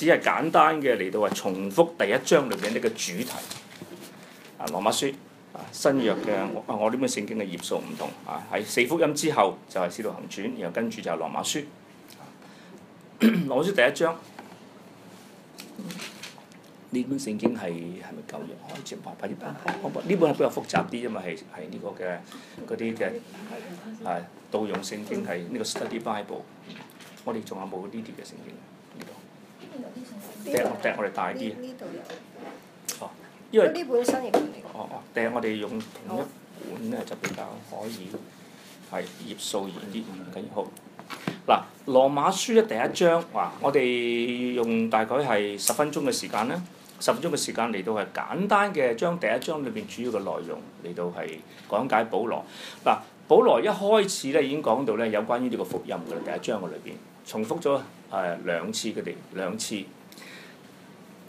只係簡單嘅嚟到話重複第一章裏面呢個主題。啊，羅馬書啊，新約嘅我呢本聖經嘅頁數唔同啊，喺四福音之後就係使徒行傳，然後跟住就羅馬書、啊。羅馬書第一章呢本聖經係係咪舊約？我唔知，唔係，呢本係比較複雜啲，因為係係呢個嘅嗰啲嘅係道用聖經係呢、這個 Study Bible。我哋仲有冇呢啲嘅聖經？掟落我哋大啲，哦，因為呢本新譯，哦哦，掟我哋用同一本呢好就比較可以，係頁數而啲咁好。嗱、啊，《羅馬書》一第一章，哇！我哋用大概係十分鐘嘅時間咧，十分鐘嘅時間嚟到係簡單嘅將第一章裏面主要嘅內容嚟到係講解保羅。嗱、啊，保羅一開始呢已經講到呢有關於呢個福音嘅第一章嘅裏邊，重複咗誒兩次佢哋兩次。兩次兩次。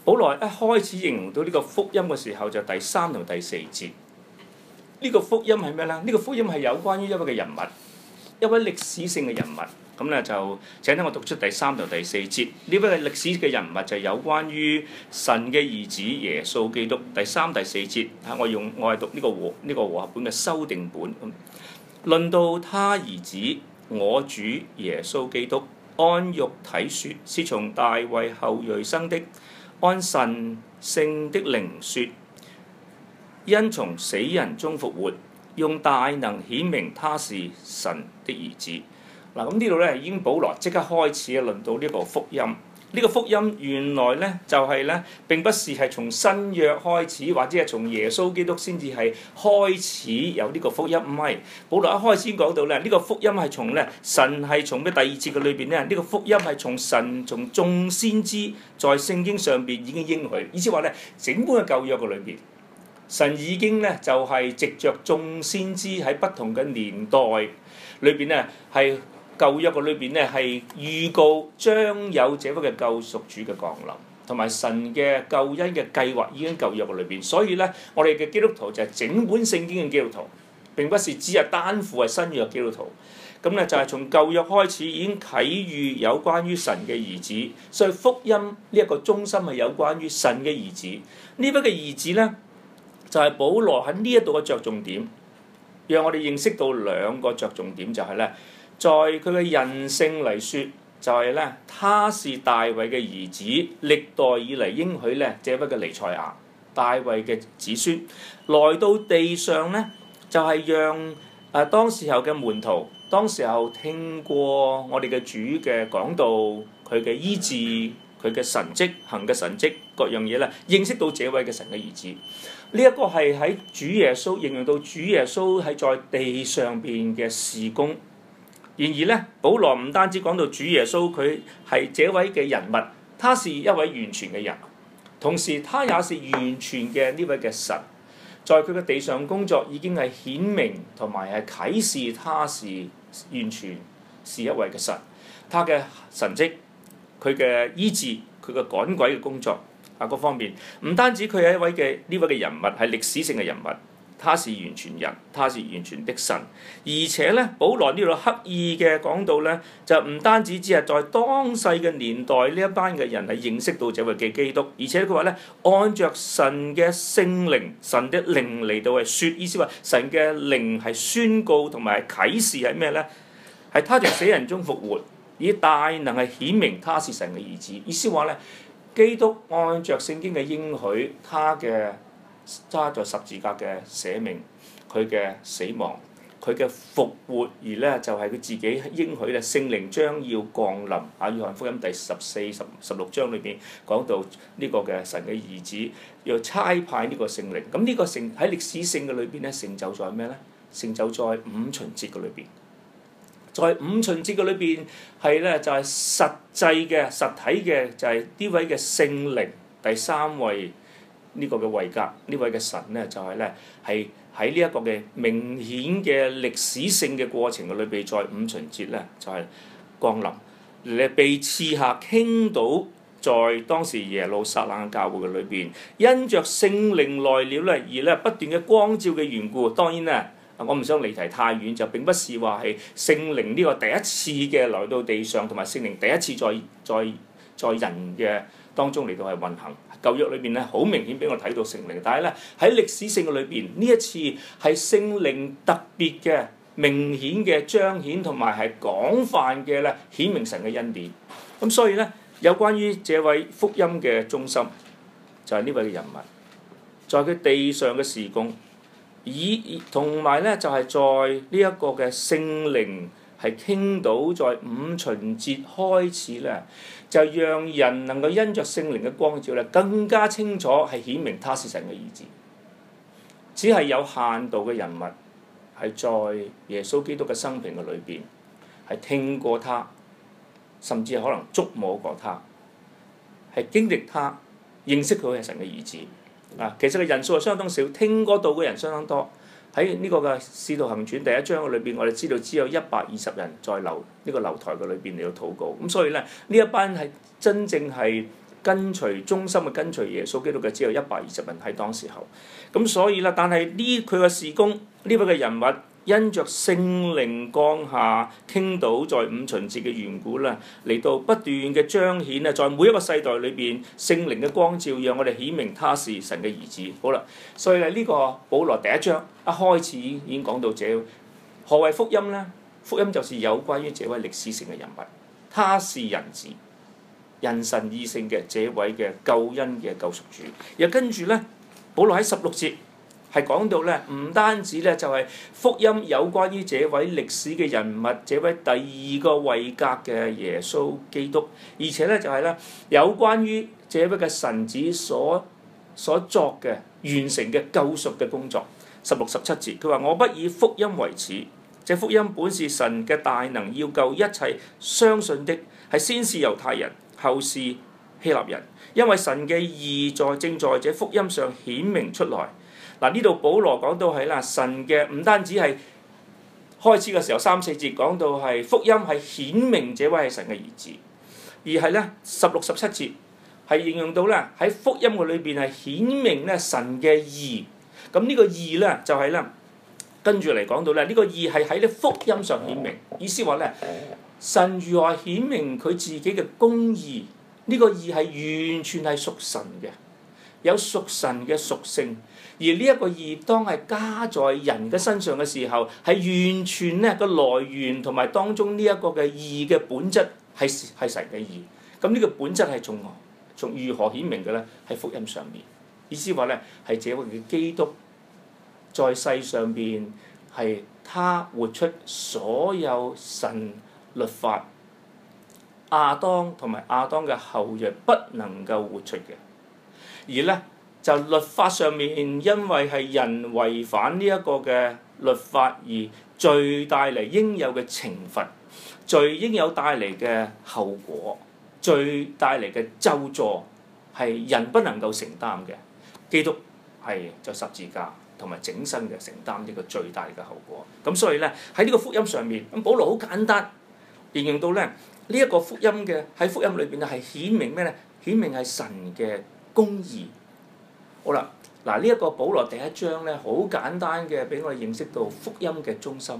保羅一開始形容到呢個福音嘅時候，就第三同第四節。呢個福音係咩呢？呢個福音係有關於一位嘅人物，一位歷史性嘅人物。咁呢，就請聽我讀出第三同第四節。呢位歷史嘅人物就有關於神嘅兒子耶穌基督。第三第四節啊，我用我係讀呢個和呢個和合本嘅修訂本咁。論到他兒子我主耶穌基督，按肉體說，是從大衛後裔生的。按神性的靈説，因從死人中復活，用大能顯明他是神的兒子。嗱、嗯，咁呢度呢已經，保羅即刻開始啊，論到呢個福音。呢個福音原來呢，就係、是、呢，並不是係從新約開始，或者係從耶穌基督先至係開始有呢個福音。唔係，保羅一開先講到呢，呢、這個福音係從呢，神係從咩第二節嘅裏邊呢，呢、這個福音係從神從眾先知在聖經上邊已經應許，意思話呢，整本嘅舊約嘅裏邊，神已經呢，就係、是、藉着眾先知喺不同嘅年代裏邊呢，係。舊約嘅裏邊咧，係預告將有這忽嘅救贖主嘅降臨，同埋神嘅救恩嘅計劃已經舊約嘅裏邊。所以呢，我哋嘅基督徒就係整本聖經嘅基督徒，並不是只係單負係新約嘅基督徒。咁呢，就係從舊約開始已經啟喻有關於神嘅兒子，所以福音呢一個中心係有關於神嘅兒子。呢忽嘅兒子呢，就係、是、保羅喺呢一度嘅着重點，讓我哋認識到兩個着重點就係呢。在佢嘅人性嚟説，就係、是、呢。他是大衛嘅兒子，歷代以嚟應許呢這位嘅彌賽亞，大衛嘅子孫，來到地上呢，就係、是、讓誒、呃、當時候嘅門徒，當時候聽過我哋嘅主嘅講道，佢嘅醫治，佢嘅神蹟，行嘅神蹟，各樣嘢呢，認識到這位嘅神嘅兒子。呢、這、一個係喺主耶穌形容到主耶穌喺在，在地上邊嘅事工。然而呢，保羅唔單止講到主耶穌佢係這位嘅人物，他是一位完全嘅人，同時，他也是完全嘅呢位嘅神，在佢嘅地上工作已經係顯明同埋係啟示他是完全是一位嘅神，他嘅神蹟，佢嘅醫治、佢嘅趕鬼嘅工作啊，各方面，唔單止佢係一位嘅呢位嘅人物，係歷史性嘅人物。他是完全人，他是完全的神，而且呢，保羅呢度刻意嘅講到呢，就唔單止只係在當世嘅年代呢一班嘅人係認識到這位嘅基督，而且佢話呢，按着神嘅聖靈，神的靈嚟到嚟說，意思話神嘅靈係宣告同埋啟示係咩呢？係他在死人中復活，以大能係顯明他是神嘅兒子。意思話呢，基督按着聖經嘅應許，他嘅揸咗十字架嘅捨命，佢嘅死亡，佢嘅復活，而呢，就係佢自己應許嘅聖靈將要降臨。阿約翰福音第十四、十十六章裏邊講到呢個嘅神嘅兒子要差派呢個聖靈。咁、這、呢個聖靈喺歷史性嘅裏邊呢，成就在咩呢？成就在五旬節嘅裏邊，在五旬節嘅裏邊係呢，就係、是、實際嘅、實體嘅，就係、是、呢位嘅聖靈第三位。呢個嘅位格，呢位嘅神呢，就係呢，係喺呢一個嘅明顯嘅歷史性嘅過程嘅裏面，在五旬節呢，就係降臨，你被賜下傾倒在當時耶路撒冷教會嘅裏邊，因着聖靈來了呢，而呢不斷嘅光照嘅緣故，當然呢，我唔想離題太遠，就並不是話係聖靈呢個第一次嘅來到地上，同埋聖靈第一次在在在人嘅。當中嚟到係運行舊約裏邊咧，好明顯俾我睇到聖靈。但係咧喺歷史性嘅裏邊，呢一次係聖靈特別嘅明顯嘅彰顯同埋係廣泛嘅咧顯明神嘅恩典。咁所以咧，有關於這位福音嘅中心，就係呢位嘅人物，在佢地上嘅事工，以同埋咧就係在呢一個嘅聖靈。係傾到在五旬節開始呢，就讓人能夠因着聖靈嘅光照呢，更加清楚係顯明他是神嘅兒子。只係有限度嘅人物係在耶穌基督嘅生平嘅裏邊係聽過他，甚至可能觸摸過他，係經歷他，認識佢係神嘅兒子。嗱，其實嘅人數係相當少，聽過道嘅人相當多。喺呢個嘅《使徒行傳》第一章嘅裏邊，我哋知道只有一百二十人在樓呢個樓台嘅裏邊嚟到禱告。咁所以呢，呢一班係真正係跟隨忠心嘅跟隨耶穌基督嘅，只有一百二十人喺當時候。咁所以呢，但係呢佢嘅事工呢個嘅人物。因着聖靈降下傾倒在五旬節嘅緣故啦，嚟到不斷嘅彰顯啊，在每一個世代裏邊聖靈嘅光照，讓我哋顯明他是神嘅兒子。好啦，所以呢個保羅第一章一、啊、開始已經講到這，何為福音呢？福音就是有關於這位歷史性嘅人物，他是人子，人神二性嘅這位嘅救恩嘅救贖主。又跟住呢保羅喺十六節。係講到呢，唔單止呢，就係福音有關於這位歷史嘅人物，這位第二個位格嘅耶穌基督，而且呢，就係呢，有關於這位嘅神子所所作嘅完成嘅救贖嘅工作。十六十七節，佢話：我不以福音為恥，這福音本是神嘅大能，要救一切相信的，係先是猶太人，後是希臘人，因為神嘅義在正在這福音上顯明出來。嗱，呢度保羅講到係啦，神嘅唔單止係開始嘅時候三四節講到係福音係顯明這位係神嘅兒子，而係呢十六十七節係應用到咧，喺福音嘅裏邊係顯明呢神嘅義。咁呢個義呢，就係咧跟住嚟講到呢，呢個義係喺呢福音上顯明，意思話呢，神如何顯明佢自己嘅公義，呢個義係完全係屬神嘅。有屬神嘅屬性，而呢一個義當係加在人嘅身上嘅時候，係完全呢個來源同埋當中呢一個嘅義嘅本質係係神嘅義。咁、這、呢個本質係從何從如何顯明嘅呢？喺福音上面，意思話呢，係這位嘅基督，在世上面係他活出所有神律法，亞當同埋亞當嘅後裔不能夠活出嘅。而呢，就律法上面，因為係人違反呢一個嘅律法而罪帶嚟應有嘅懲罰，罪應有帶嚟嘅後果，罪帶嚟嘅咒詛，係人不能夠承擔嘅。基督係，就十字架同埋整身嘅承擔呢個最大嘅後果。咁所以呢，喺呢個福音上面，咁保羅好簡單，形容到呢，呢、這、一個福音嘅喺福音裏邊啊係顯明咩呢？顯明係神嘅。公義，好啦，嗱呢一個保羅第一章呢，好簡單嘅，俾我哋認識到福音嘅中心。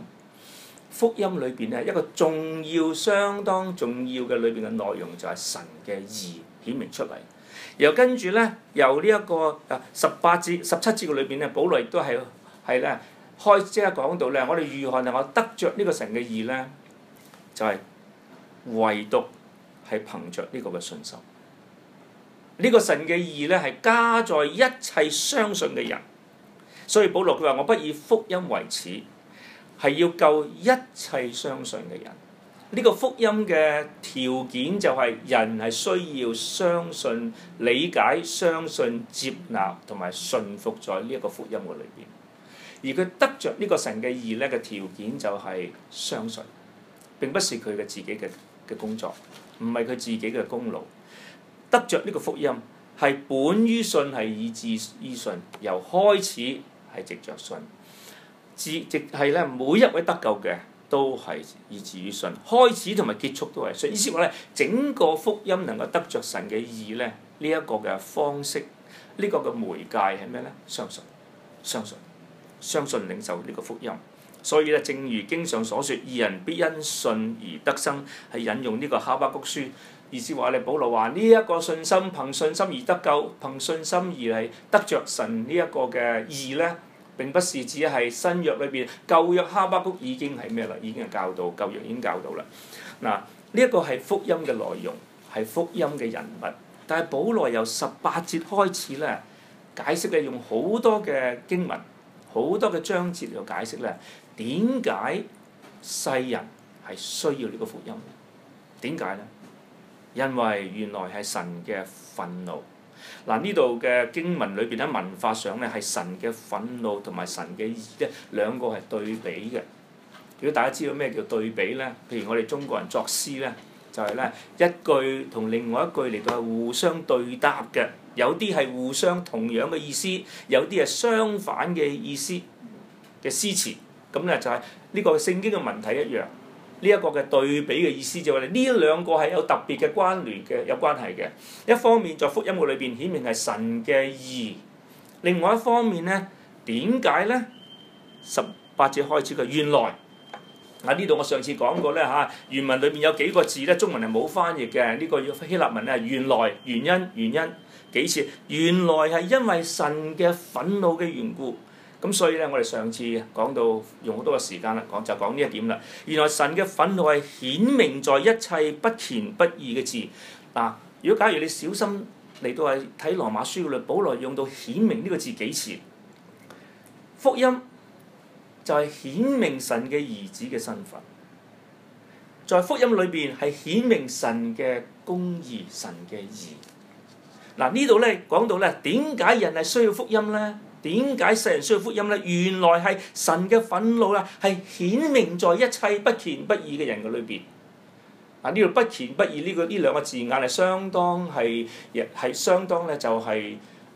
福音裏邊呢，一個重要、相當重要嘅裏邊嘅內容就係神嘅義顯明出嚟。然後跟住呢，由呢一個啊十八節、十七節嘅裏邊咧，保羅亦都係係咧開即係講到呢：「我哋如何能夠得着呢個神嘅義呢，就係唯獨係憑着呢個嘅信心。呢個神嘅義咧係加在一切相信嘅人，所以保羅佢話：我不以福音為恥，係要救一切相信嘅人。呢個福音嘅條件就係人係需要相信、理解、相信、接納同埋信服在呢一個福音嘅裏邊。而佢得着呢個神嘅義咧嘅條件就係相信，並不是佢嘅自己嘅嘅工作，唔係佢自己嘅功勞。得着呢個福音係本於信，係以至於信。由開始係藉著信，至即係咧每一位得救嘅都係以至於信，開始同埋結束都係信。意思話呢，整個福音能夠得着神嘅義呢，呢一個嘅方式，呢個嘅媒介係咩呢？相信，相信，相信領受呢個福音。所以呢，正如經上所說：義人必因信而得生，係引用呢個哈巴谷書。意思話：你哋，保羅話呢一個信心，憑信心而得救，憑信心而係得着神呢一個嘅義呢，並不是指係新約裏邊，舊約哈巴谷已經係咩啦？已經係教導，舊約已經教導啦。嗱，呢一個係福音嘅內容，係福音嘅人物。但係保羅由十八節開始呢，解釋呢，用好多嘅經文，好多嘅章節嚟到解釋呢，點解世人係需要呢個福音？點解呢？因為原來係神嘅憤怒，嗱呢度嘅經文裏邊喺文化上呢，係神嘅憤怒同埋神嘅義呢，兩個係對比嘅。如果大家知道咩叫對比呢？譬如我哋中國人作詩呢，就係呢一句同另外一句嚟到係互相對答嘅，有啲係互相同樣嘅意思，有啲係相反嘅意思嘅詩詞。咁呢，就係呢個聖經嘅文體一樣。呢一個嘅對比嘅意思就係話呢兩個係有特別嘅關聯嘅，有關係嘅。一方面在福音嘅裏邊顯明係神嘅義；另外一方面呢，點解呢？十八節開始嘅原來喺呢度，我上次講過呢，嚇。原文裏面有幾個字呢，中文係冇翻譯嘅。呢、這個要希臘文呢，原來原因原因幾次，原來係因為神嘅憤怒嘅緣故。咁所以呢，我哋上次講到用好多嘅時間啦，講就講呢一點啦。原來神嘅憤怒係顯明在一切不虔不義嘅字。嗱，如果假如你小心嚟到係睇《羅馬書》咧，保羅用到顯明呢個字幾次？福音就係顯明神嘅兒子嘅身份，在福音裏邊係顯明神嘅公義、神嘅義。嗱，呢度呢，講到呢，點解人係需要福音呢？點解世人需要福音呢？原來係神嘅憤怒啊，係顯明在一切不虔不義嘅人嘅裏邊。嗱、這個，呢度不虔不義呢個呢兩個字眼係相當係亦係相當呢就係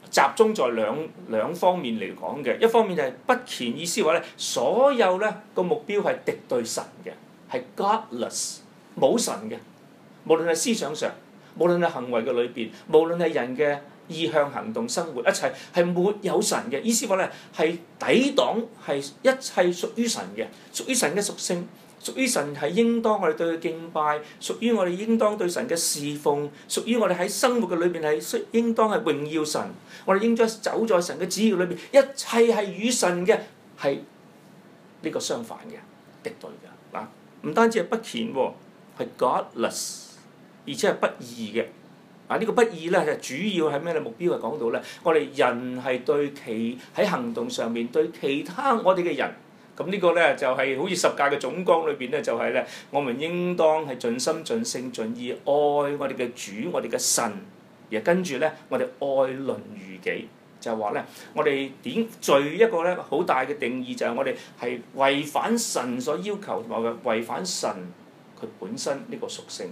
集中在兩兩方面嚟講嘅。一方面就係不虔，意思話呢，所有呢個目標係敵對神嘅，係 godless，冇神嘅。無論係思想上，無論係行為嘅裏邊，無論係人嘅。意向行動生活一切係沒有神嘅，意思話呢係抵擋係一切屬於神嘅，屬於神嘅屬性，屬於神係應當我哋對佢敬拜，屬於我哋應當對神嘅侍奉，屬於我哋喺生活嘅裏邊係應當係榮耀神，我哋應該走在神嘅旨意裏面，一切係與神嘅係呢個相反嘅敵對嘅。嗱，唔單止係不虔喎，係 godless，而且係不義嘅。嗱呢個不義呢，就主要係咩呢？目標係講到呢，我哋人係對其喺行動上面對其他我哋嘅人，咁呢個呢，就係、是、好似十戒嘅總綱裏邊呢，就係、是、呢：我們應當係盡心盡性盡意愛我哋嘅主，我哋嘅神，而跟住呢，我哋愛鄰如己，就係、是、話呢，我哋點罪一個呢？好大嘅定義就係我哋係違反神所要求同埋違反神佢本身呢個屬性。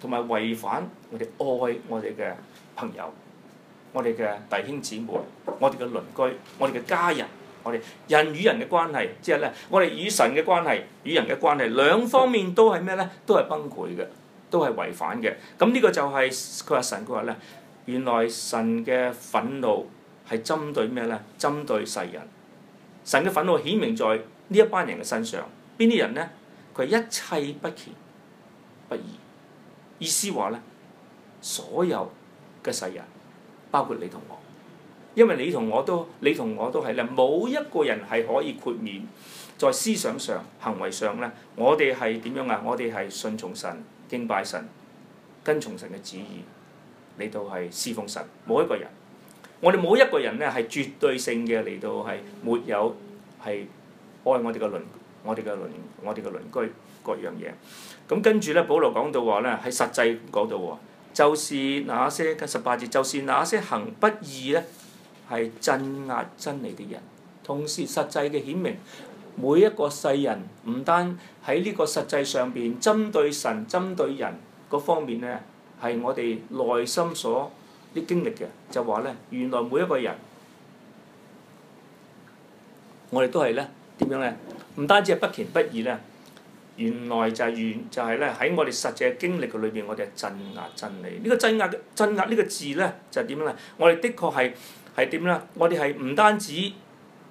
同埋違反我哋愛我哋嘅朋友，我哋嘅弟兄姊妹，我哋嘅鄰居，我哋嘅家人，我哋人與人嘅關係，即係呢，我哋與神嘅關係，與人嘅關係，兩方面都係咩呢？都係崩潰嘅，都係違反嘅。咁、這、呢個就係佢話神佢話呢，原來神嘅憤怒係針對咩呢？針對世人。神嘅憤怒顯明在呢一班人嘅身上。邊啲人呢？佢一切不虔不義。意思話呢，所有嘅世人，包括你同我，因為你同我都，你同我都係呢，冇一個人係可以豁免，在思想上、行為上呢，我哋係點樣啊？我哋係信從神、敬拜神、跟從神嘅旨意，嚟到係侍奉神。冇一個人，我哋冇一個人呢係絕對性嘅嚟到係沒有係愛我哋嘅鄰。我哋嘅鄰，我哋嘅鄰居各樣嘢，咁跟住咧，保羅講到話咧，喺實際講到喎，就是那些嘅十八節就是那些行不義咧，係鎮壓真理嘅人，同時實際嘅顯明，每一個世人唔單喺呢個實際上邊針對神、針對人嗰方面咧，係我哋內心所啲經歷嘅，就話咧，原來每一個人，我哋都係咧。點樣呢？唔單止係不虔不義咧，原來就係原，就係咧喺我哋實際經歷嘅裏邊，我哋係鎮壓真理。呢個鎮壓嘅鎮壓呢個字呢，就係點樣呢？我哋的確係係點呢？我哋係唔單止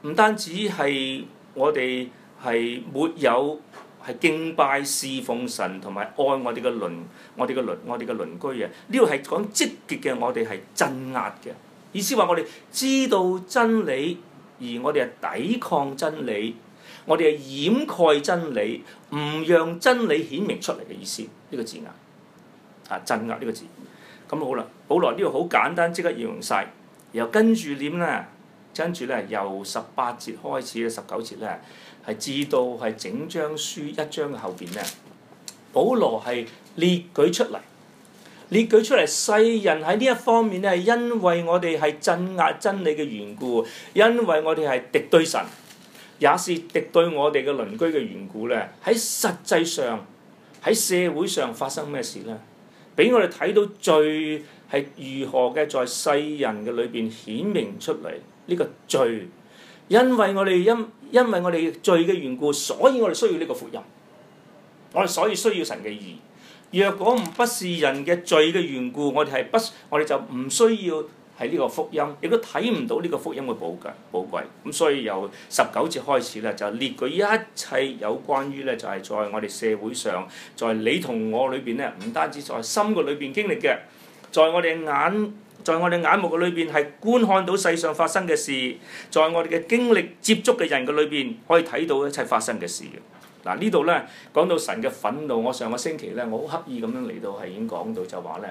唔單止係我哋係沒有係敬拜侍奉神同埋愛我哋嘅鄰我哋嘅鄰我哋嘅鄰居嘅。呢個係講積極嘅，我哋係鎮壓嘅意思話，我哋知道真理。而我哋係抵抗真理，我哋係掩蓋真理，唔讓真理顯明出嚟嘅意思，呢、這個字眼啊，鎮壓呢個字眼。咁、嗯、好啦，保羅呢個好簡單，即刻形容晒。然後跟住點呢？跟住呢，由十八節開始十九節呢，係至到係整張書一章後邊呢，保羅係列舉出嚟。你舉出嚟世人喺呢一方面呢，因為我哋係鎮壓真理嘅緣故，因為我哋係敵對神，也是敵對我哋嘅鄰居嘅緣故呢，喺實際上，喺社會上發生咩事呢？俾我哋睇到罪係如何嘅，在世人嘅裏邊顯明出嚟呢個罪，因為我哋因因為我哋罪嘅緣故，所以我哋需要呢個福音，我哋所以需要神嘅義。若果唔不是人嘅罪嘅緣故，我哋係不，我哋就唔需要喺呢個福音，亦都睇唔到呢個福音嘅寶貴。寶貴咁、嗯，所以由十九節開始咧，就列舉一切有關於呢，就係、是、在我哋社會上，在你同我裏邊呢，唔單止在心嘅裏邊經歷嘅，在我哋眼，在我哋眼目嘅裏邊係觀看到世上發生嘅事，在我哋嘅經歷接觸嘅人嘅裏邊可以睇到一切發生嘅事嘅。嗱呢度呢，講到神嘅憤怒，我上個星期呢，我好刻意咁樣嚟到係已經講到就話呢，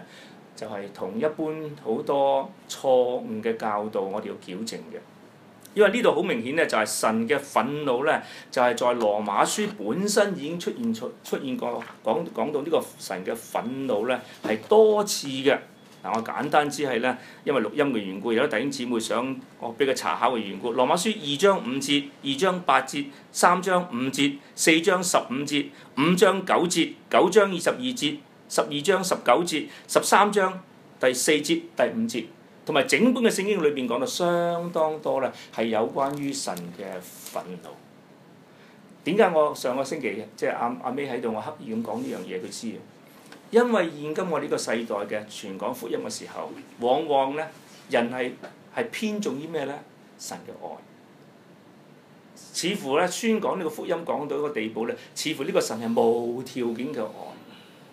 就係、是、同一般好多錯誤嘅教導，我哋要矯正嘅。因為呢度好明顯呢，就係、是、神嘅憤怒呢，就係、是、在羅馬書本身已經出現出出現過，講講到呢個神嘅憤怒呢，係多次嘅。嗱，我簡單之係呢，因為錄音嘅緣故，有啲弟兄姊妹想我俾佢查考嘅緣故，《羅馬書》二章五節、二章八節、三章五節、四章十五節、五章九節、九章二十二節、十二章十九節、十三章第四節、第五節，同埋整本嘅聖經裏邊講到相當多呢，係有關於神嘅憤怒。點解我上個星期即係阿阿尾喺度，我刻意咁講呢樣嘢，佢知啊？因為現今我呢個世代嘅傳講福音嘅時候，往往咧人係係偏重於咩咧？神嘅愛，似乎咧宣講呢個福音講到一個地步咧，似乎呢個神係無條件嘅愛，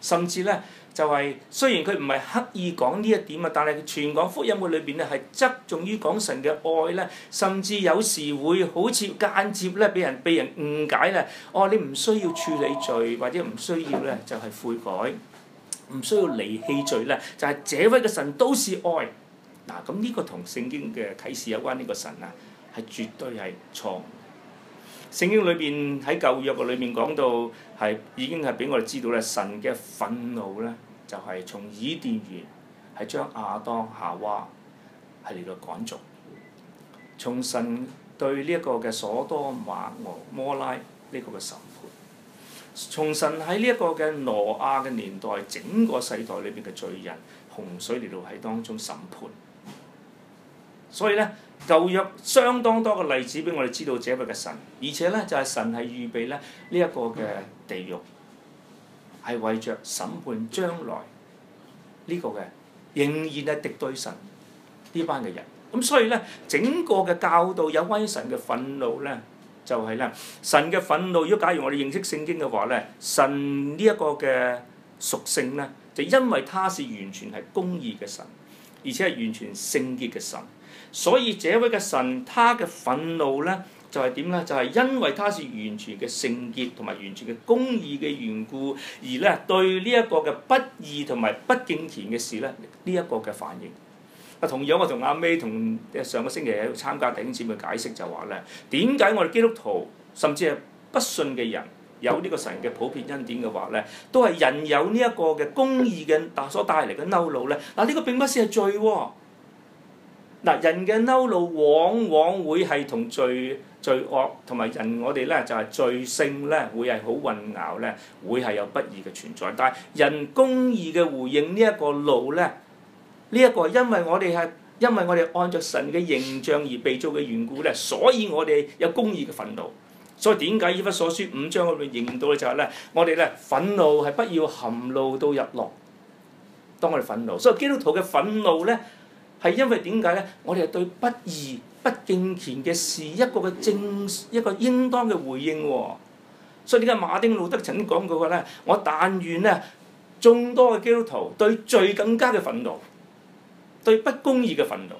甚至咧就係雖然佢唔係刻意講呢一點啊，但係傳講福音嘅裏便咧係側重於講神嘅愛咧，甚至有時會好似間接咧俾人俾人誤解咧。哦，你唔需要處理罪或者唔需要咧，就係悔改。唔需要離棄罪呢，就係這位嘅神都是愛。嗱，咁呢個同聖經嘅啟示有關呢個神啊，係絕對係錯。聖經裏邊喺舊約嘅裏邊講到，係已經係俾我哋知道呢神嘅憤怒呢，就係從伊甸園係將亞當夏娃係嚟到趕逐，從神對呢一個嘅所多瑪俄摩拉呢個嘅神。從神喺呢一個嘅挪亞嘅年代，整個世代裏邊嘅罪人，洪水嚟到喺當中審判。所以呢，舊約相當多嘅例子俾我哋知道這一個嘅神，而且呢，就係神係預備呢呢一個嘅地獄，係為着審判將來呢個嘅仍然係敵對神呢班嘅人。咁所以呢，整個嘅教導有關於神嘅憤怒呢。就係咧，神嘅憤怒。如果假如我哋認識聖經嘅話呢，神呢一個嘅屬性呢，就因為他是完全係公義嘅神，而且係完全聖潔嘅神，所以這位嘅神，他嘅憤怒呢，就係點呢？就係因為他是完全嘅聖潔同埋完全嘅公義嘅緣故，而呢對呢一個嘅不義同埋不敬虔嘅事呢，呢一個嘅反應。同樣我同阿 May 同上個星期喺參加頂展嘅解釋就話，呢點解我哋基督徒，甚至係不信嘅人，人有呢個神嘅普遍恩典嘅話呢，都係人有呢一個嘅公義嘅，但所帶嚟嘅忿怒呢，嗱，呢個並不是係罪喎。嗱，人嘅忿怒往往會係同罪罪惡同埋人，我哋呢就係罪性呢會係好混淆呢，會係有不義嘅存在，但係人公義嘅回應呢一個怒呢。呢一個係因為我哋係因為我哋按著神嘅形象而被造嘅緣故呢，所以我哋有公義嘅憤怒。所以點解以弗所書五章嗰邊認到嘅就係呢，我哋呢憤怒係不要含怒到日落。當我哋憤怒，所以基督徒嘅憤怒呢，係因為點解呢？我哋係對不義不敬虔嘅事一個嘅正一個應當嘅回應喎。所以點解馬丁路德曾經講過嘅呢？我但願呢，眾多嘅基督徒對罪更加嘅憤怒。對不公義嘅憤怒，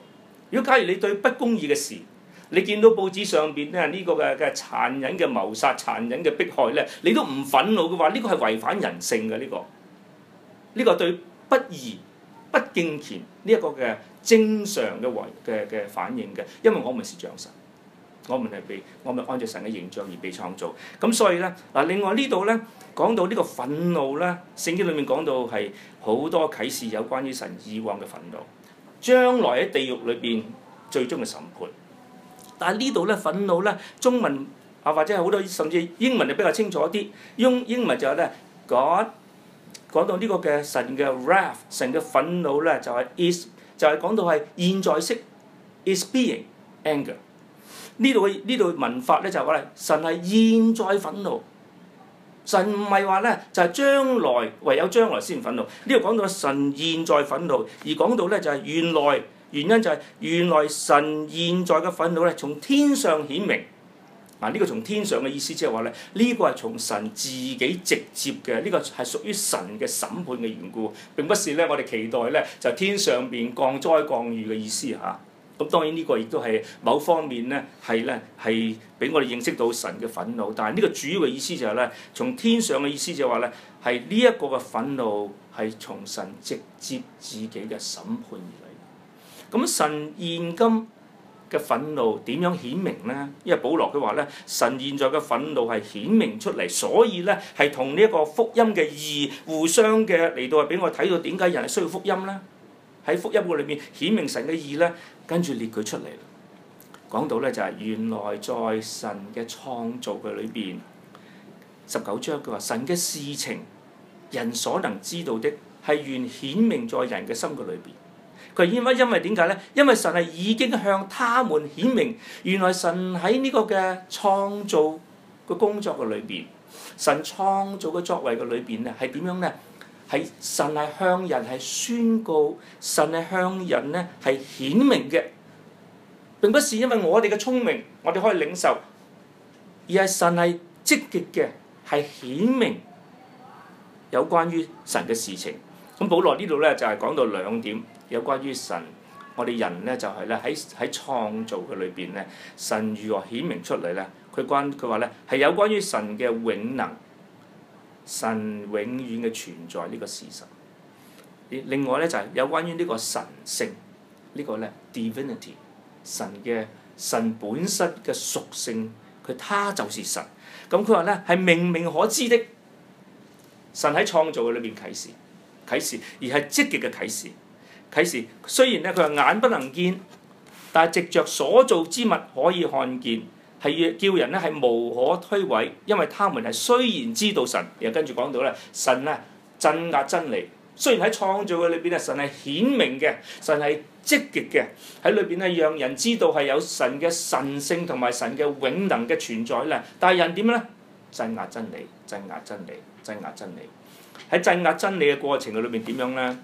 如果假如你對不公義嘅事，你見到報紙上邊呢呢個嘅嘅殘忍嘅謀殺、殘忍嘅迫害呢，你都唔憤怒嘅話，呢個係違反人性嘅呢個，呢個對不義不敬虔呢一個嘅正常嘅為嘅嘅反應嘅，因為我們是像神，我們係被我們按照神嘅形象而被創造，咁所以呢，嗱，另外呢度呢講到呢個憤怒呢，聖經裡面講到係好多啟示有關於神以往嘅憤怒。將來喺地獄裏邊最終嘅審判，但係呢度呢，憤怒呢，中文啊或者係好多甚至英文就比較清楚啲，用英文就係 God 講到呢個嘅神嘅 wrath 神嘅憤怒呢，就係、是、is 就係講到係現在式 is being anger 呢度嘅呢度文法呢，就係、是、話神係現在憤怒。神唔係話呢，就係將來唯有將來先憤怒。呢個講到神現在憤怒，而講到呢，就係原來原因就係原來神現在嘅憤怒呢，從天上顯明。嗱、這、呢個從天上嘅意思即係話呢，呢、這個係從神自己直接嘅，呢、這個係屬於神嘅審判嘅緣故，並不是呢，我哋期待呢，就天上邊降災降禍嘅意思嚇。咁當然呢個亦都係某方面呢，係呢係俾我哋認識到神嘅憤怒。但係呢個主要嘅意思就係呢，從天上嘅意思就話呢，係呢一個嘅憤怒係從神直接自己嘅審判而嚟。咁神現今嘅憤怒點樣顯明呢？因為保羅佢話呢，神現在嘅憤怒係顯明出嚟，所以呢係同呢一個福音嘅義互相嘅嚟到，係俾我睇到點解人係需要福音呢？喺福音嘅裏面顯明神嘅義呢。跟住列舉出嚟啦，講到呢，就係原來在神嘅創造嘅裏邊，十九章佢話神嘅事情，人所能知道的係原顯明在人嘅心嘅裏邊。佢因為因為點解呢？因為神係已經向他們顯明，原來神喺呢個嘅創造嘅工作嘅裏邊，神創造嘅作為嘅裏邊咧係點樣呢？係神係向人係宣告，神係向人呢係顯明嘅。並不是因為我哋嘅聰明，我哋可以領受，而係神係積極嘅，係顯明有關於神嘅事情。咁保羅呢度呢，就係講到兩點，有關於神，我哋人呢，就係呢喺喺創造嘅裏邊呢，神如何顯明出嚟呢？佢關佢話呢，係有關於神嘅永能。神永遠嘅存在呢個事實，另外呢，就係有關於呢個神性，呢個呢 Divinity，神嘅神本身嘅屬性，佢他就是神。咁佢話呢係明明可知的，神喺創造嘅裏邊啟示，啟示而係積極嘅啟示，啟示。雖然呢，佢話眼不能見，但係藉着所造之物可以看見。係叫人咧係無可推諉，因為他們係雖然知道神，又跟住講到咧，神咧鎮壓真理。雖然喺創造嘅裏邊啊，神係顯明嘅，神係積極嘅，喺裏邊咧讓人知道係有神嘅神性同埋神嘅永能嘅存在咧。但係人點呢？鎮壓真理，鎮壓真理，鎮壓真理。喺鎮壓真理嘅過程嘅裏邊點樣咧？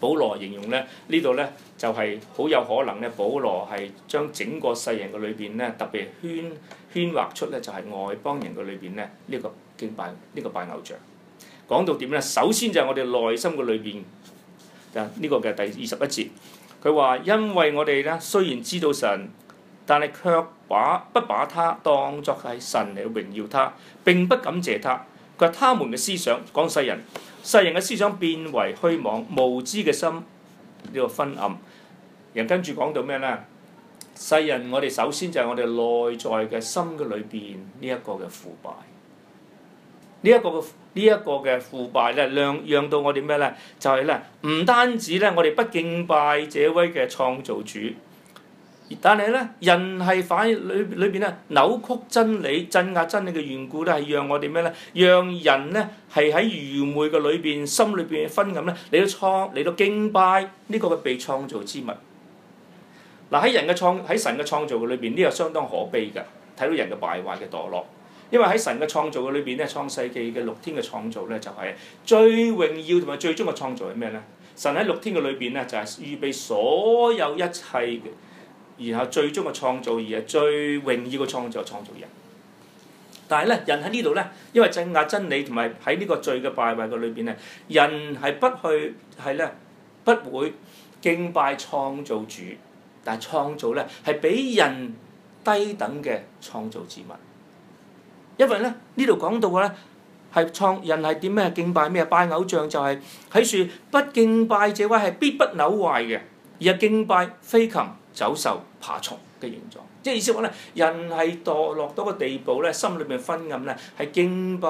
保羅形容咧呢度呢。就係好有可能呢，保羅係將整個世人嘅裏邊呢，特別圈圈畫出呢，就係、是、外邦人嘅裏邊呢，呢、這個敬拜呢、這個拜偶像。講到點呢？首先就係我哋內心嘅裏邊，啊，呢個嘅第二十一節，佢話因為我哋呢，雖然知道神，但係卻把不把他當作係神嚟榮耀他，並不感謝他。佢話他們嘅思想講世人，世人嘅思想變為虛妄、無知嘅心呢個昏暗，然後跟住講到咩呢？世人，我哋首先就係我哋內在嘅心嘅裏邊呢，一個嘅腐敗，呢一個嘅呢一個嘅腐敗呢，讓讓到我哋咩呢？就係呢，唔單止呢，我哋不敬拜這位嘅創造主。但係呢，人係反裏裏邊呢，扭曲真理、鎮壓真理嘅緣故，呢，係讓我哋咩呢？讓人呢，係喺愚昧嘅裏邊，心裏邊嘅昏暗呢，嚟到創嚟到敬拜呢個被創造之物。嗱、啊、喺人嘅創喺神嘅創造嘅裏邊，呢個相當可悲㗎。睇到人嘅敗壞嘅墮落，因為喺神嘅創造嘅裏邊咧，創世紀嘅六天嘅創造呢，就係、係、最榮耀同埋最終嘅創造係咩呢？神喺六天嘅裏邊呢，就係預備所有一切嘅。然後最終嘅創造而係最榮耀嘅創造，創造人，但係呢，人喺呢度呢，因為鎮壓真理同埋喺呢個罪嘅敗壞個裏邊呢，人係不去係呢，不會敬拜創造主，但係創造呢，係比人低等嘅創造之物，因為呢，呢度講到嘅呢，係創人係點咩敬拜咩拜偶像，就係喺樹不敬拜者位係必不扭壞嘅，而係敬拜飛禽。走獸爬蟲嘅形狀，即係意思話呢，人係墮落到個地步呢，心裏面昏暗呢，係敬拜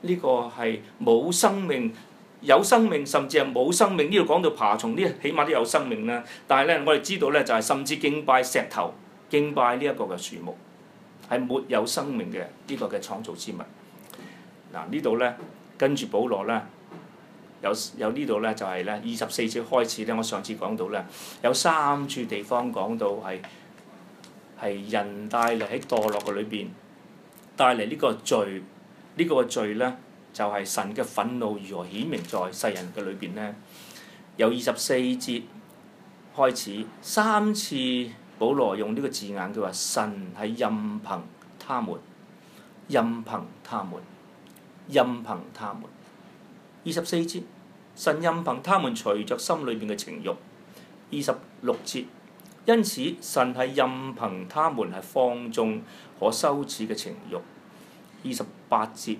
呢個係冇生命、有生命，甚至係冇生命。呢度講到爬蟲，呢起碼都有生命啦。但係呢，我哋知道呢，就係甚至敬拜石頭、敬拜呢一個嘅樹木，係沒有生命嘅呢個嘅創造之物。嗱，呢度呢，跟住保羅呢。有有呢度呢，就係、是、呢。二十四節開始呢，我上次講到呢，有三處地方講到係係人帶嚟喺墮落嘅裏邊帶嚟呢個罪，呢、這個罪呢，就係、是、神嘅憤怒如何顯明在世人嘅裏邊呢。由二十四節開始，三次保羅用呢個字眼，佢話神係任憑他們，任憑他們，任憑他們。二十四節，神任憑他們隨着心裏面嘅情慾。二十六節，因此神係任憑他們係放縱可羞恥嘅情慾。二十八節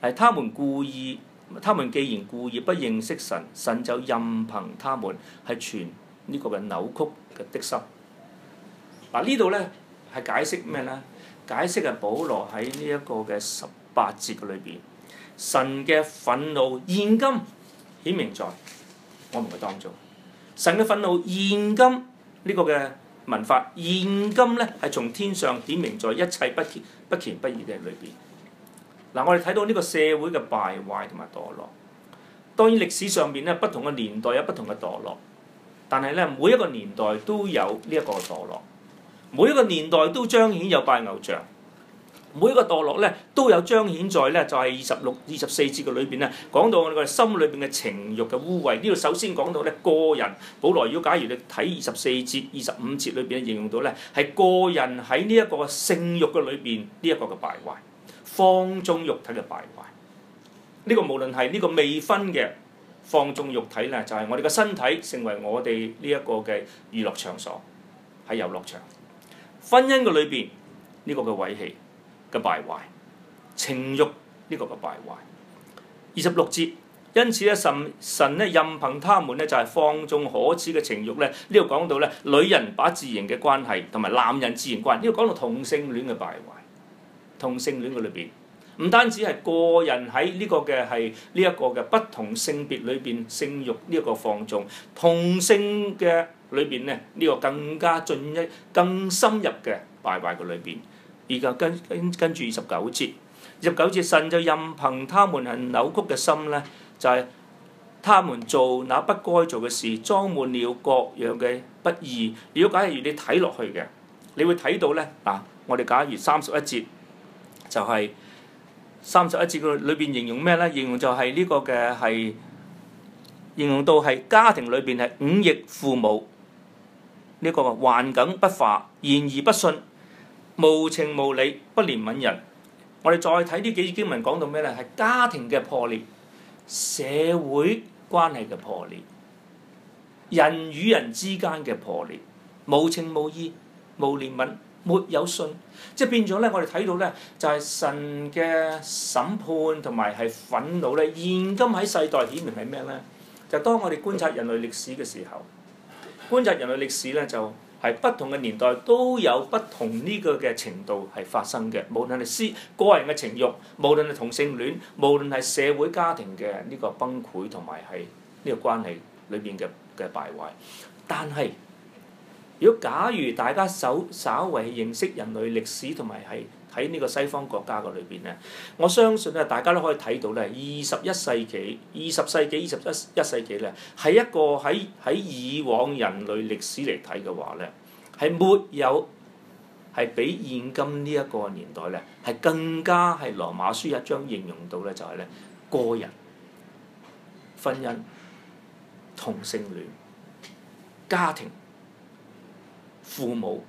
係他們故意，他們既然故意不認識神，神就任憑他們係存呢個嘅扭曲嘅的的心。嗱、啊、呢度呢係解釋咩呢？解釋係保羅喺呢一個嘅十八節嘅裏邊。神嘅憤怒現今顯明在我們嘅當中，神嘅憤怒現今呢、這個嘅文化，現今呢係從天上顯明在一切不虔不虔不義嘅裏邊。嗱，我哋睇到呢個社會嘅敗壞同埋墮落。當然歷史上面呢，不同嘅年代有不同嘅墮落，但係呢，每一個年代都有呢一個墮落，每一個年代都彰顯有拜偶像。每一個墮落咧，都有彰顯在咧，就係、是、二十六、二十四節嘅裏邊咧，講到我哋嘅心裏邊嘅情慾嘅污穢。呢度首先講到咧個人，保羅如果假如你睇二十四節、二十五節裏邊，應用到咧係個人喺呢一個性慾嘅裏邊呢一個嘅敗壞，放縱肉體嘅敗壞。呢、這個無論係呢個未婚嘅放縱肉體呢就係、是、我哋嘅身體成為我哋呢一個嘅娛樂場所，喺遊樂場。婚姻嘅裏邊呢個嘅遺棄。敗壞情慾呢個嘅敗壞，二十六節，因此咧神神咧任憑他們呢就係、是、放縱可恥嘅情慾咧，呢個講到咧女人把自然嘅關係同埋男人自然關係，呢個講到同性戀嘅敗壞，同性戀嘅裏邊唔單止係個人喺呢個嘅係呢一個嘅不同性別裏邊性慾呢一個放縱同性嘅裏邊呢，呢、呢個更加進一更深入嘅敗壞嘅裏邊。而家跟跟跟住二十九節，二十九節，神就任憑他們係扭曲嘅心咧，就係他們做那不該做嘅事，裝滿了各樣嘅不義。如果假如你睇落去嘅，你會睇到咧嗱，我哋假如三十一節就係三十一節嘅裏邊形容咩咧？形容就係呢個嘅係形容到係家庭裏邊係忤逆父母呢個環境不法，言而不信。無情無理、不憐憫人，我哋再睇呢幾節經文講到咩呢？係家庭嘅破裂、社會關係嘅破裂、人與人之間嘅破裂，無情無義、無憐憫、沒有信，即係變咗呢。我哋睇到呢，就係神嘅審判同埋係憤怒。呢現今喺世代顯明係咩呢？就當我哋觀察人類歷史嘅時候，觀察人類歷史呢，就。係不同嘅年代都有不同呢個嘅程度係發生嘅，無論係私個人嘅情欲，無論係同性戀，無論係社會家庭嘅呢個崩潰同埋係呢個關係裏邊嘅嘅敗壞。但係，如果假如大家稍稍微認識人類歷史同埋係。喺呢個西方國家嗰裏邊呢，我相信呢，大家都可以睇到呢，二十一世紀、二十世紀、二十一一世紀呢，係一個喺喺以往人類歷史嚟睇嘅話呢，係沒有係比現今呢一個年代呢，係更加係羅馬書一章形容到呢，就係呢個人婚姻、同性戀、家庭、父母、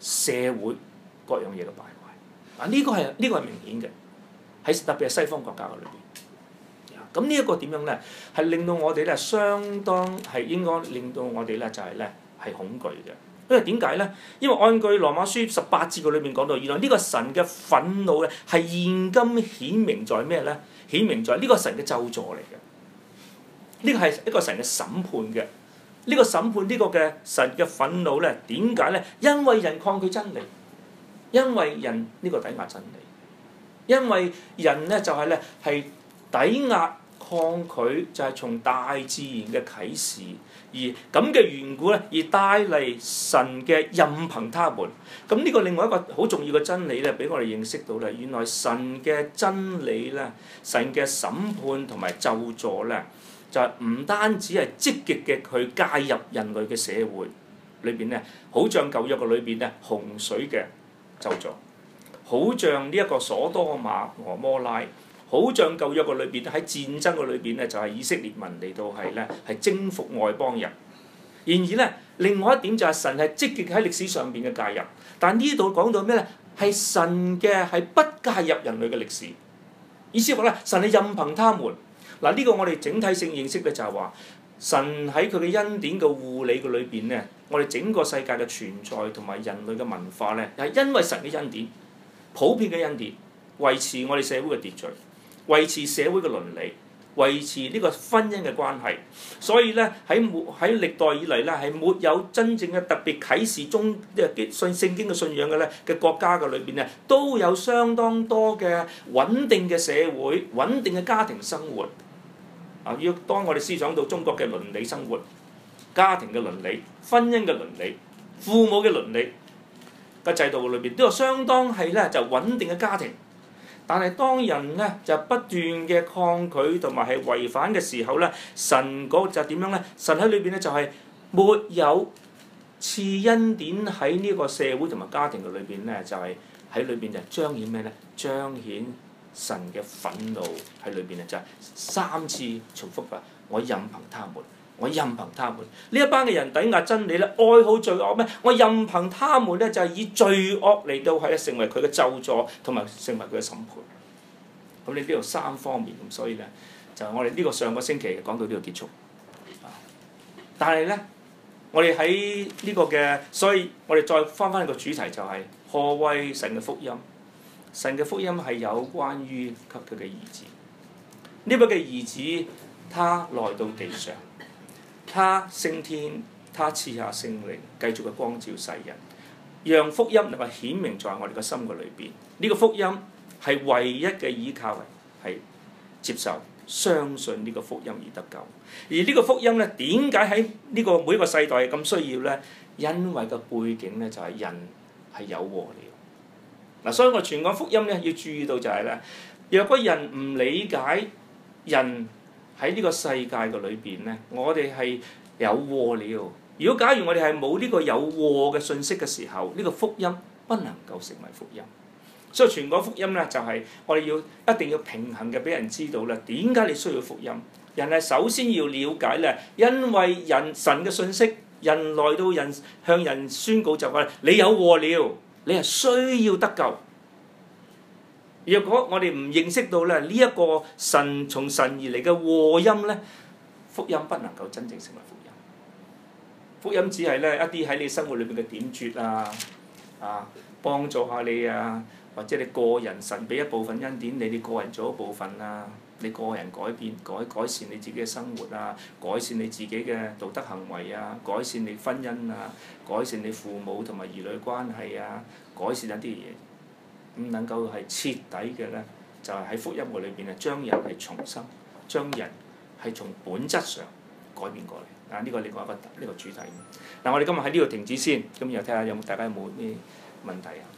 社會各樣嘢嘅擺。啊！呢個係呢、呢個係明顯嘅，喺特別係西方國家嘅裏邊。咁呢一個點樣呢？係令到我哋呢，相當係應該令到我哋呢，就係、係、呢，係恐懼嘅。因為點解呢？因為按據羅馬書十八節嘅裏邊講到，原來呢個神嘅憤怒呢，係現今顯明在咩呢？顯明在呢個神嘅咒詛嚟嘅。呢、呢個係一個神嘅審判嘅。呢、呢個審判呢個嘅神嘅憤怒呢，點解呢？因為人抗拒真理。因為人呢個抵押真理，因為人呢就係呢係抵押抗拒，就係從大自然嘅啟示而咁嘅緣故呢，而帶嚟神嘅任憑他們。咁呢個另外一個好重要嘅真理呢，俾我哋認識到呢，原來神嘅真理呢，神嘅審判同埋救助呢，就係唔單止係積極嘅去介入人類嘅社會裏邊呢，好像舊約個裏邊呢洪水嘅。好像呢一個所多瑪俄摩拉，好像舊約嘅裏邊喺戰爭嘅裏邊呢，就係以色列民嚟到係呢係征服外邦人。然而呢，另外一點就係神係積極喺歷史上邊嘅介入。但呢度講到咩呢？係神嘅係不介入人類嘅歷史，意思話呢，神係任憑他們。嗱、這、呢個我哋整體性認識嘅就係話。神喺佢嘅恩典嘅護理嘅裏邊呢，我哋整個世界嘅存在同埋人類嘅文化呢，係因為神嘅恩典，普遍嘅恩典，維持我哋社會嘅秩序，維持社會嘅倫理，維持呢個婚姻嘅關係。所以呢，喺末喺歷代以嚟呢，係沒有真正嘅特別啟示中即係啲聖經嘅信仰嘅呢嘅國家嘅裏邊呢，都有相當多嘅穩定嘅社會、穩定嘅家庭生活。啊！要當我哋思想到中國嘅倫理生活、家庭嘅倫理、婚姻嘅倫理、父母嘅倫理嘅制度裏邊，都有相當係呢就穩定嘅家庭。但係當人呢，就不斷嘅抗拒同埋係違反嘅時候呢，神嗰就點樣呢？神喺裏邊呢，就係沒有次恩典喺呢個社會同埋家庭嘅裏邊呢，就係喺裏邊就彰顯咩呢？彰顯。神嘅憤怒喺裏邊咧，就係、是、三次重複話：我任憑他們，我任憑他們呢一班嘅人抵押真理啦，愛好罪惡咩？我任憑他們咧，就係、是、以罪惡嚟到係成為佢嘅咒詛，同埋成為佢嘅審判。咁呢啲又三方面咁，所以呢，就係我哋呢個上個星期講到呢度結束。但係呢，我哋喺呢個嘅，所以我哋再翻翻個主題就係捍衛神嘅福音。神嘅福音係有關於給佢嘅兒子，呢個嘅兒子，他來到地上，他升天，他賜下聖靈，繼續嘅光照世人，讓福音能夠顯明在我哋嘅心嘅裏邊。呢、這個福音係唯一嘅依靠，係接受相信呢個福音而得救。而呢個福音呢，點解喺呢個每一個世代咁需要呢？因為個背景呢，就係人係有禍嘅。嗱，所以我傳講福音呢，要注意到就係咧，若果人唔理解人喺呢個世界嘅裏邊呢，我哋係有禍了。如果假如我哋係冇呢個有禍嘅信息嘅時候，呢、這個福音不能夠成為福音。所以傳講福音呢，就係、是、我哋要一定要平衡嘅俾人知道啦。點解你需要福音？人係首先要了解咧，因為人神嘅信息，人來到人向人宣告就話：你有禍了。你係需要得救。若果我哋唔認識到咧呢一個神從神而嚟嘅福音呢，福音不能夠真正成為福音。福音只係呢一啲喺你生活裏邊嘅點綴啊，啊幫助下你啊，或者你個人神俾一部分恩典你，你你個人做一部分啊。你個人改變、改改善你自己嘅生活啊，改善你自己嘅道德行為啊，改善你婚姻啊，改善你父母同埋兒女關係啊，改善一啲嘢，咁能夠係徹底嘅呢，就係、是、喺福音裏邊啊，將人係重生，將人係從本質上改變過嚟啊！呢、這個你講、這個一個呢個主題。嗱、啊，我哋今日喺呢度停止先，咁又睇下有冇大家有冇咩問題啊？